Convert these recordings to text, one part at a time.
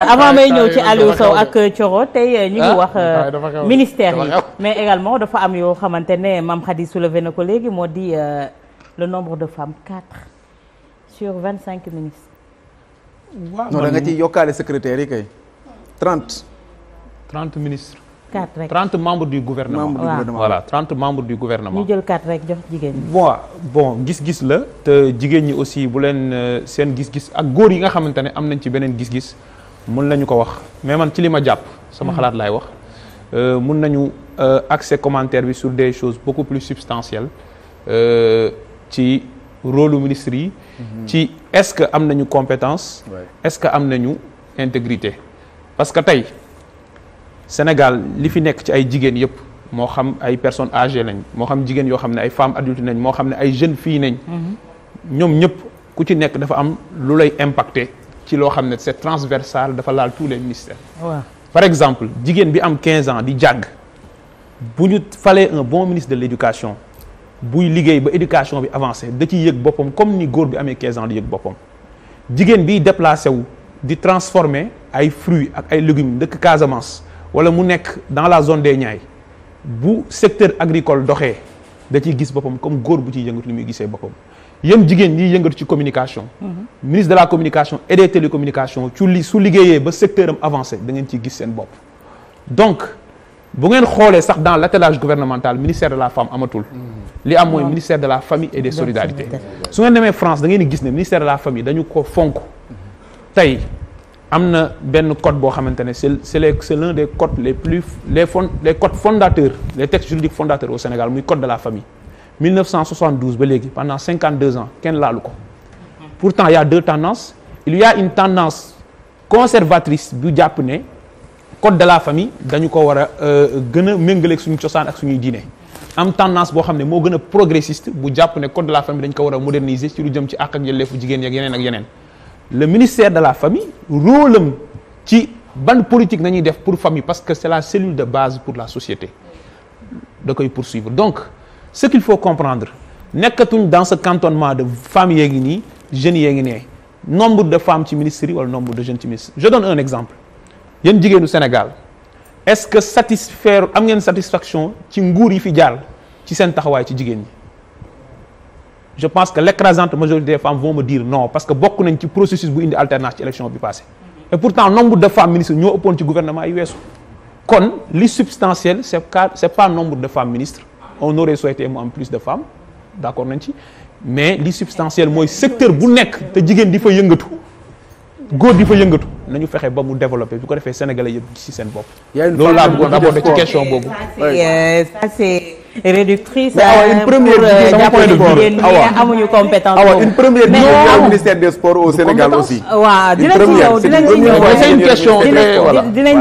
avant may ñëw ci Aliou Sow ak Thioro tey eh, ñu ngi ah, wax euh, ministère yi mais également dafa am yoo xamante ne Mame Khady soulevé na ko léegi moo di euh, le nombre de femmes quatre sur vingt cinq ministres waaw non da nga ciy yokkaale secrétaire yi kay trente trente ministres quatre rek trente membres du gouvernement voilà trente membres du gouvernement ñu jël quatre rek jox jigéen ñi bon bon gis-gis la te jigéen ñi aussi bu leen euh, seen gis-gis ak góor yi nga xamante ne am nañ ci beneen gis-gis mun nañu ko wax mais man ci li ma jàpp sama xalaat laay wax euh, mun nañu euh, accès commentaire bi sur des choses beaucoup plus substantielles euh, ci rôle lu ministre yi mhm. ci est-ce que am nañu compétence est-ce que am nañu intégrité parce que tey Sénégal li fi nekk ci ay jigéen yëpp moo xam ay personnes âgées nañ moo xam jigéen yoo xam ne ay femmes adultes nañ moo xam ne ay jeunes fii nañ mhm. ñoom ñëpp ku ci nekk dafa am lu lay impacté ci loo xam ne c'est transversal dafa laal tous les ministères. waaw par exemple jigéen bi am quinze ans di jàng bu ñu falee un bon ministre de l'éducation buy liggéey ba éducation bi avancé da ciy yëg boppam comme ni góor bi amee 15 ans di yëg boppam jigéen biy déplacé wu di transformé ay fruits ak ay légumes dëkk Casamance wala mu nekk dans la zone des Niayes bu secteur agricole doxee da ciy gis boppam comme góor bu ci yëngatu li muy gisee boppam. yéen jigéen ñi yëngatu ci communication. Mhm. ministre de la communication et des télécommunications ci li su liggéeyee ba secteur avancé da ngeen ciy gis seen bopp. donc bu ngeen xoolee sax dans l'attelage gouvernemental ministère de la femme amatul. Mhm. li am mooy ministère de la famille et des solidarités. su ngeen demee France da ngeen di gis ne ministère de la famille dañu ko fonk. Mhm. tey am na benn code boo xamante ne c'est c'est l'un des codes les plus les fond les code 1972 ba léegi pendant 52 ans kenn laalu ko pourtant il y a deux tendances il y une tendance conservatrice bu jàpp ne code de la famille dañu ko war a euh, gën a méngaleeg suñu cosaan ak suñuy diine am tendance boo xam ne moo gën a bu jàpp ne code de la famille dañ ko war a moderniser ci lu jëm ci àq ak yelleefu jigéen yeeg yeneen ak yeneen le ministère de la famille rôle am ci ban politique nañuy def pour famille parce que c'est la cellule de base pour la société da koy poursuivre donc ce qu'il faut comprendre nekkatuñ dans ce cantonnement de femmes yee ngi nii jeunes yee ngi nee nombre de femmes ci ministres yi nombre de jeunes ci ministres je donne un exemple yéen jigéenu Sénégal est-ce que satisfaire am ngeen satisfaction ci nguur yi fi jaar ci seen taxawaay ci jigéen ñi je pense que l'écrasante majorité des femmes vont me parce que bokk nañ ci processus bu indi alternance ci élection bi passé et pourtant nombre de femmes weesu kon li substantiel c'est nombre de femmes on aurait souhaité mu am plus de femmes d'accord nañ ci mais li substantiel mooy secteur bu nekk te jigéen di fa yëngatu góor di fa yëngatu nañu fexe ba mu développé bu ko defee sénégalais yëpp ci seen bopp. loolu laa bëggoon aborder ci question boobu. réductrice. mais euh, euh, awa amuñu compétence awa une première liggéey ministère des aussi. waaw dinañ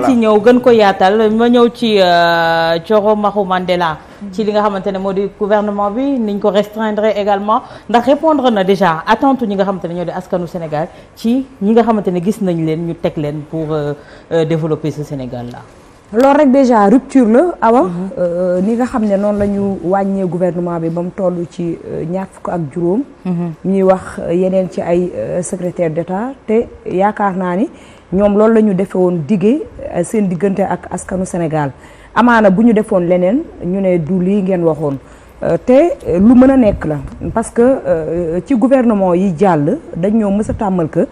ci ñëw ñëw gën ko yaatal ma ñëw ci euh, Thioro Mahou Mandela. Mm. ci li nga xamante ne moo di gouvernement bi niñ ko restreindre également ndax répondre na déjà attente ñi nga xamante ne ñoo di askanu Sénégal ci ñi nga xamante ne gis nañ leen ñu teg leen pour développer ce Sénégal là. loolu rek déjà rupture la awa euh, ni nga xam ne noonu la ñu wàññee gouvernement bi ba mu toll ci euh, ñaar fukk ak juróom mhm. ñuy wax euh, yeneen ci ay secrétaire d'État te yaakaar naa ni ñoom loolu la ñu defe woon diggee seen diggante ak askanu Sénégal amaana bu ñu defoon leneen ñu ne du yi ngeen waxoon te lu mën a nekk la parce que ci gouvernement yi jàll dañ ñoo mës a tàmmal que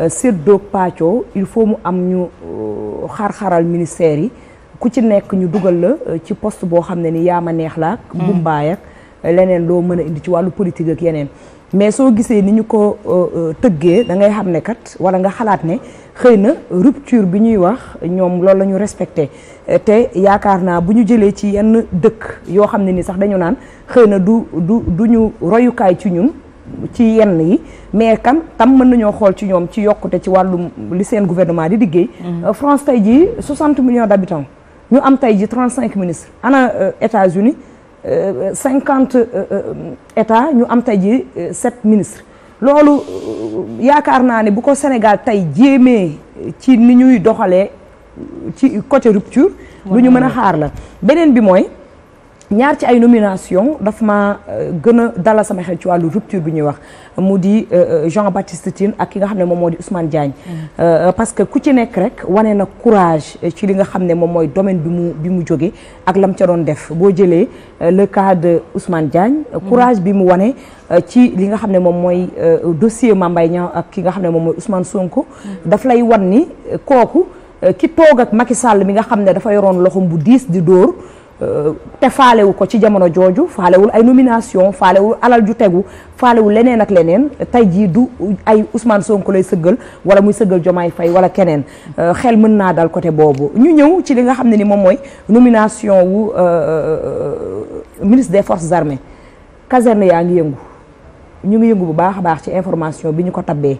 Euh, séddoog pàccoo il faut mu am ñu euh, xar-xaral ministère yi ku ci nekk ñu dugal la euh, ci post boo xam ne ni yaa ma neex la ak mm. bumbaay ak leneen loo mën a indi ci wàllu politique ak yeneen mais soo gisee ni ñu ko tëggee da ngay xam ne kat wala nga xalaat ne xëy na rupture bi ñuy wax ñoom loolu la ñu respecté te yaakaar naa bu ñu jëlee ci yenn dëkk yoo xam ne ni sax dañu naan xëy na du du du ñu royukaay ci ñun ci yenn yi mais kam tam mën nañoo xool ci ñoom ci yokkute ci wàllum li seen gouvernement di liggéey. Mhm. Euh, France tey jii 60 millions d' ñu am tey jii 35 ministres ana euh, États-Unis 50 euh, états ñu am tey ji 7 ministres. loolu yaakaar naa ne bu ko Sénégal tey jéeme ci ni ñuy doxalee ci côté rupture. lu ñu mën a xaar la beneen bi mooy. ñaar ci ay nomination daf ma euh, gën a dalal sama xel ci wàllu rupture bi ñuy wax mu di euh, euh, Jean Baptiste Tine ak ki nga xam ne moom moo di Ousmane Diagne mm. parce que ku ci nekk rek wane na courage ci li nga xam ne moom mooy domaine bi mu bi mu jóge ak lam ca doon def boo jëlee le cas de Ousmane Diagne mm. courage bi mu wane ci li nga xam ne moom mooy dossier Mame Mbaye Niang ak ki nga xam ne moom mooy usman Sonko mm. daf lay wan ni kooku ki toog ak Macky Sall mi nga xam ne dafa yoroon loxoom bu diis di dóor te faalewu ko ci jamono jooju faalewul ay nomination faalewul alal ju tegu faalewul leneen ak leneen tey jii du ay Ousmane Sonko lay sëggal wala muy sëggal Jomaay Fay wala keneen euh, xel mën naa dal côté boobu ñu ñëw ci li nga xam ne ni moom mooy nomination wu euh, euh, ministre des forces armées caserne yaa ngi yëngu ñu ngi yëngu bu baax a baax ci information bi ñu ko tabee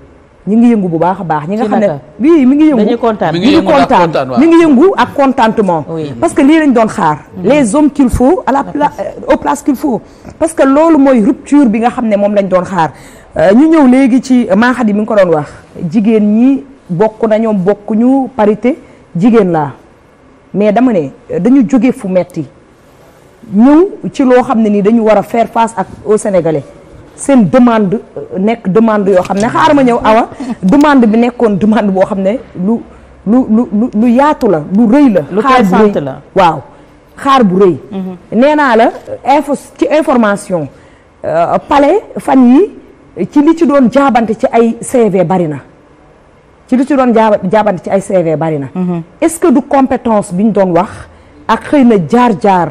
ñu ngi yëngu bu baax a baax ñi nga xam ne bii mi ngi yëngu kontaan mi ngi mi ngi yëngu ak contentement parce que lii lañ doon xaar mm-hmm. les hommes qu'il faut à la place euh, aux parce que loolu mooy rupture bi nga xam ne moom lañ doon xaar euh, ñu ñëw léegi ci maaxat yi mi ngi ko doon wax jigéen ñi bokk na ñoom bokkuñu parité jigéen laa mais dama ne euh, dañu jóge fu metti ñëw ci loo xam ne nii dañu war a faire face ak au sénégalais seen demande euh, nekk demande yoo xam ne xaar ma ñëw awa demande bi nekkoon demande boo xam ne lu lu lu lu yaatu la lu rëy la. xaar bu rëy la waaw xaar bu rëy. Mhm. nee naa la euh, info ci information euh, pale fan yi ci li ci doon jaabante ci ay CV bari na. ci li ci doon jaabante ci ay CV bari na. Mhm. est-ce que du compétence bi ñu doon wax ak xëy na jaar jaar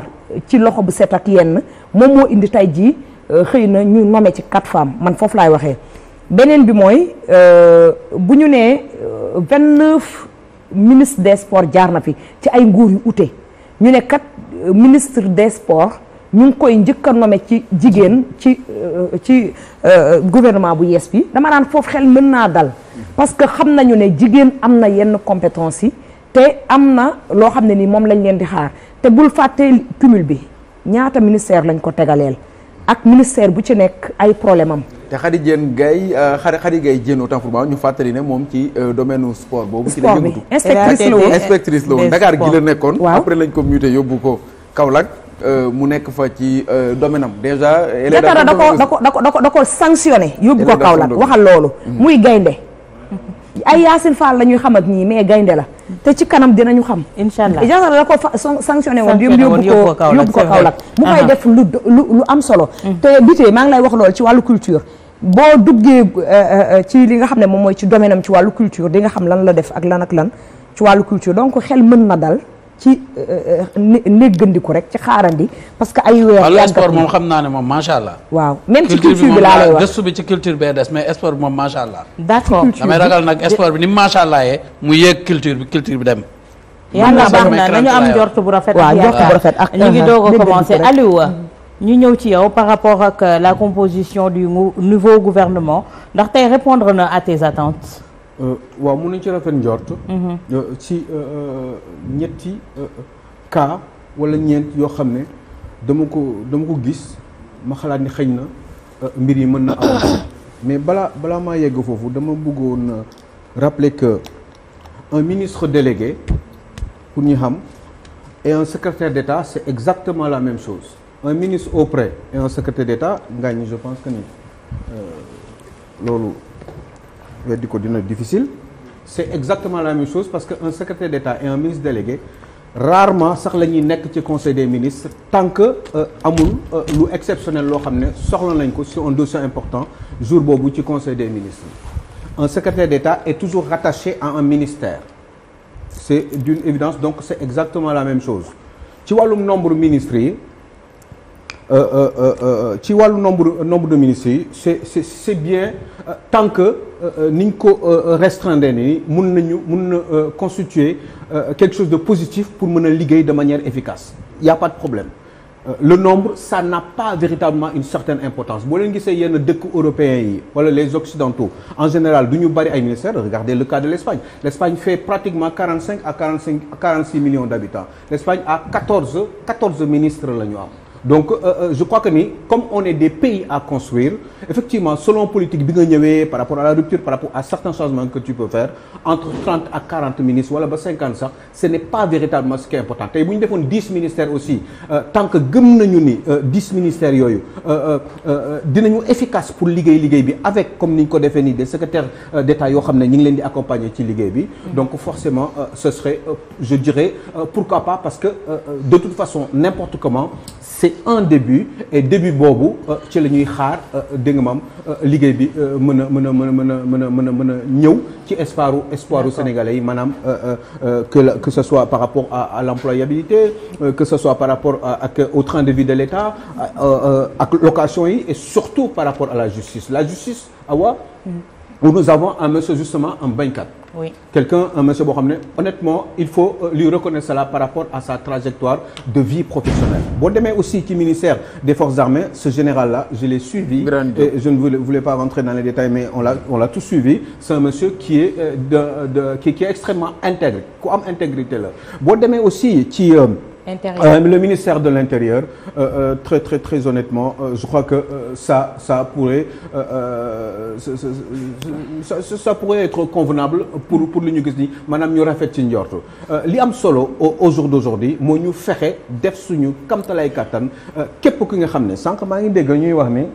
ci loxo bu set ak yenn moom moo indi tey jii. Euh, xëy na ñu nommé ci quatre femmes man foofu laay waxee beneen bi mooy euh, bu ñu nee euh, vingt neuf ministre des sports jaar na fi ci ay nguur yu ute ñu ne kat ministre des ñu ngi koy njëkk a nommé ci jigéen ci ci gouvernement bu yees bi dama daan foofu xel mën naa dal parce que xam nañu ne jigéen am na yenn compétence yi te am na loo xam ne nii moom lañ leen di xaar te bul fàttee cumul bi ñaata ministère lañ ko tegaleel ak ministère bu ci nekk ay problème am te Khady Diène Gaye euh, Khady Gaye Diène autant pour moi ñu fàttali ne moom ci euh, domaine sport boobu ci la yëngatu inspectrice la woon inspectrice la woon Dakar gi la nekkoon après lañ ko muté yóbbu ko Kaolack euh, mu nekk fa ci domaine am déjà da ko da ko da ko da yóbbu ko Kaolack waxal loolu mm-hmm. muy gaynde ay Yacine Fall la ñuy xamat ñii mais gaynde la te ci kanam dina ñu xam inshallah Ijaasa la ko sanctionné woon yóbbu ko yóbbu ko Kaolack mu koy def lu lu am solo mm. te bitee maa ngi lay wax lool ci wàllu culture boo duggee euh, euh, euh, ci li nga xam ne moom mooy ci domaine am ci wàllu culture di nga xam lan la def ak lan ak lan ci wàllu culture donc xel mën na dal ci euh, euh, néggandiku rek ci xaarandi parce que ay weer yàggat moom xam naa ne moom macha allah. waaw même ci culture bi laa lay wax gëstu bi ci culture bee des mais sport bi moom macha allah. d'accord damay bi ni macha allah yee mu yéeg culture bi culture bi dem. yàlla baax na nañu am njort bu rafet. waaw njort bu rafet ñu uh-huh. doog a commencé Aliou. Mm-hmm. ñu ñëw ci yow par rapport ak euh, la composition du nouveau gouvernement ndax tey répondre na à tes attentes. Euh, waaw mun nañ ci rafet njoort mhm. euh, ci euh, ñetti cas wala ñeent yoo xam ne dama ko dama ko gis ma xalaat ni xëy na mbir yi mën na am mais balaa balaa maa yegg foofu dama bëggoon rappeler que un ministre délégué pour ñu xam et un secrétaire d'État c'est exactement la même chose un ministre auprès et un secrétaire d'État ngañ je pense que ni loolu. weddi ko dina difficile c'est exactement la même chose parce que un secrétaire d'État et un ministre délégué rarement sax la ñuy nekk ci conseil des ministres tant que euh, amul euh, lu exceptionnel loo xam ne soxla nañ ko sur un dossier important jour boobu ci conseil des ministres un secrétaire d'État est toujours rattaché à un ministère c'est d'une évidence donc c'est exactement la même chose ci wàllum nombre ministres yi Euh, euh, euh, ci wàllu nombre nombre de ministres yi c'est c'est bien tant que ni ñu ko restreindre nii mun nañu mun na constituer quelque chose de positif pour mën a de manière efficace il a pas de problème le nombre ça n'a pas véritablement une certaine importance boo leen gisee yenn dëkk européens yi wala les occidentaux en général du ñu bari ay ministères regardez le cas de l'Espagne l'Espagne fait pratiquement 45 à 45 46 millions d'habitants l'Espagne a la ñu am donc euh, euh, je crois que ni comme on est des pays à construire effectivement selon politique bi nga ñëwee par rapport à la rupture par rapport à certains changements que tu peux faire entre 30 à 40 ministres wala ba sax ce n'est pas véritablement ce qui important tey bu ñu defoon 10 ministères aussi euh, tant que gëm nañu ni 10 euh, ministères yooyu dinañu efficace pour liggéey liggéey bi avec comme ni ñu ko defee nii des secrétaires d'État yoo xam ne ñu ngi leen di accompagner ci liggéey bi donc forcément que de toute façon c'est un début et début boobu euh, ci la ñuy xaar euh, dégg mam euh, liggéey bi mën a mën a mën a mën a mën a mën a mën a ñëw ci espoiru espoiru sénégalais yi maanaam que la que ce soit par rapport à l'employabilité que ce soit par rapport ak au train de vie de l'État ak location yi et surtout par rapport à la justice la justice awa mm. où nous avons un monsieur justement un bañkat. oui quelqu'un un monsieur boo xam ne honnêtement il faut euh, lui reconnaître cela par rapport à sa trajectoire de vie professionnelle boo demee aussi ci ministère des forces armées ce général là je l'ai suivi et je ne voulais pas rentrer dans les détails mais on l'a on l'a tout suivi c'est un monsieur qui est euh, de de qui, qui est extrêmement intègre ku am intégrité la boo demee aussi ci euh, intérieur euh, le ministère de l'intérieur euh, euh, très très très honnêtement je crois que ça ça pourrait ça ça, pourrait être convenable pour pour li ñu gis ni maanaam ñu rafet ci njortu li am solo au jour d'aujourd'hui moo ñu fexe def suñu kamtalay kàttan képp ki nga xam ne sànq maa ngi dégg ñuy wax ni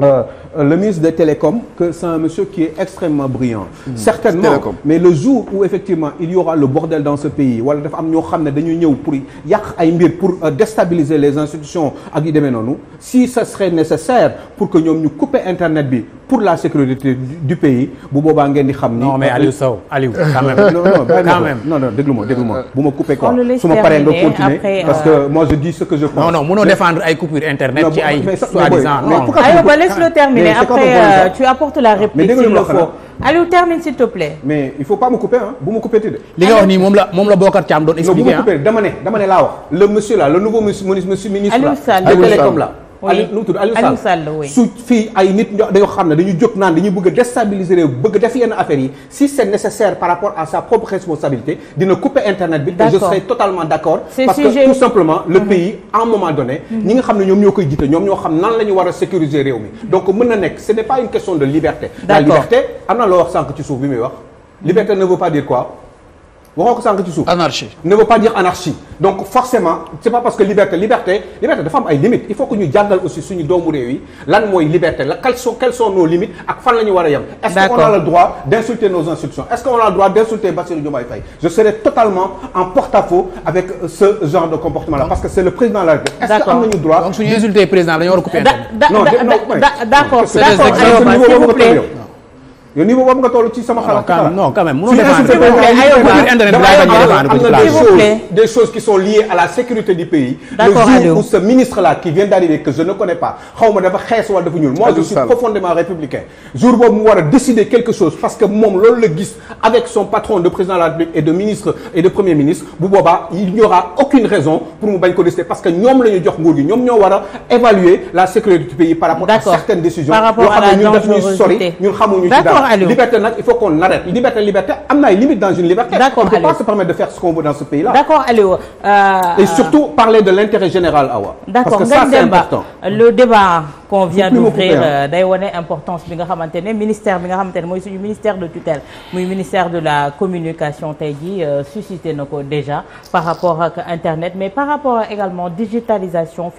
Euh, euh, le ministre des Télécoms que c'est un monsieur qui est extrêmement brillant hmm. certainement mais le jour où effectivement il y aura le bordel dans ce pays wala dafa am ñoo xam ne dañuy ñëw pour yàq ay mbir pour euh, déstabiliser les institutions ak yi demee noonu si ça serait nécessaire pour que ñoom ñu couper internet bi pour la sécurité du pays bu boobaa ngeen di xam ni non mais euh, Aliou Sow Aliou quand même non non quand bu ma couper quoi su ma paree parce que moi je dis ce que laisse-le terminer après euh, tu apportes la réplique s'il le faut Aliou termine s'il te plaît. mais il faut pas me couper ah bu ma coupé tey de. li nga wax nii moom la moom la Bocar Thiam doon expliquer ah non bu ma coupé dama ne dama ne laa wax le monsieur là le nouveau monsieur ministre là Aliou Sall la Aliou nu mu tudd Aliou Sall su fii ay nit dañoo xam ne dañu jóg naan dañuy bëgg a déstabiliser réew bëgg def yenn affaires yi si c'est nécessaire par rapport à sa propre responsabilité dina couper internet bi d'accord parce que tout simplement le mhm. pays un moment donné mhm. ñi nga xam ne ñoom ñoo koy jiite ñoom ñoo xam nan la war a sécuriser réew mi donc mën na nekk ce n'est pas une question de liberté la am na loo wax sànq ci suuf bi muy wax liberté waxoo ko sànq ci suuf. anarchie ne veut pas dire anarchie. donc forcément c'est pas parce que liberté liberté liberté dafa am ay il faut que ñu jàngal aussi suñu doomu réew yi lan mooy liberté quelles sont nos limites ak fan la ñu war est-ce qu'on a le droit d'insulter nos institutions est-ce qu'on a le droit d'insulter Bassirou Diomaye Faye je serai totalement en porte-à-faux avec euh, ce genre de comportement là parce que c'est yow niveau boobu nga toll ci sama xalaat. non quand même mënoo défendre am na des choses qui sont liées à la sécurité du pays. d'accord le jour où ce ministre là qui vient d'arriver que je ne connais pas xaw ma dafa xees wala dafa ñuul. moi je suis profondément républicain. jour boobu mu war a décider quelque chose parce que moom loolu la gis avec son patron de président de la République et de ministre et de premier ministre bu boobaa il n'y aura aucune raison pour mu bañ ko décider parce que ñoom la ñu jox nguur gi ñoom ñoo war a évaluer la sécurité du pays par rapport à certaines décisions. par rapport à la ñun xamuñu ci dara Aliou liberté nag il faut qu'on l'arrête liberté liberté am na ay limites dans une liberté. d'accord Aliou on ne peut de faire euh, parler de l'intérêt général euh, ministère de tutelle ministère de la communication tey jii euh, suscité na déjà par rapport ak internet mais par rapport également digitalisation.